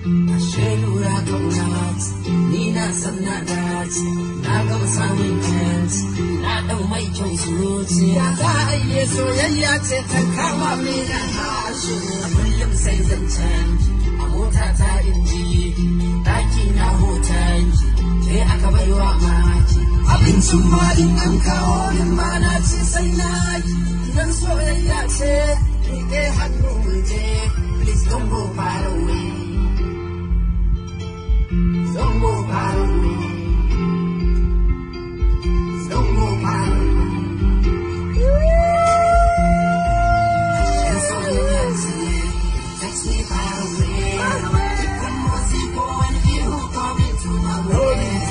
Ashelu rakamrat, nina samnadat, nagam samin kent, nadam not kyau zuruti. Ya za a yi soyayya ce ta kama mai da harshe, a kullum sai zancen, a mota ta inji, daki na hoton, ke aka baiwa maki. Abincin ma in an kawo min ma na ci sai na yi, idan soyayya ce, rike hannu mu je, please don't go back.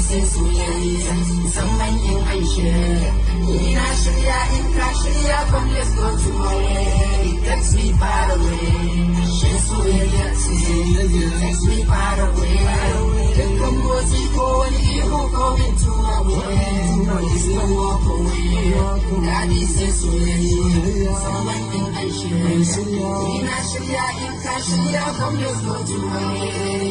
kimsin soyayya musamman yin aishe ni na shirya in ka shirya from let's go to my tomorrow it takes me far away shin soyayya soyayya takes me far away dukkan motsi ko wani ihu ko min tuwa boy is no walk away dadi sai soyayya musamman yin aishe ni na shirya in ka shirya from let's go to my tomorrow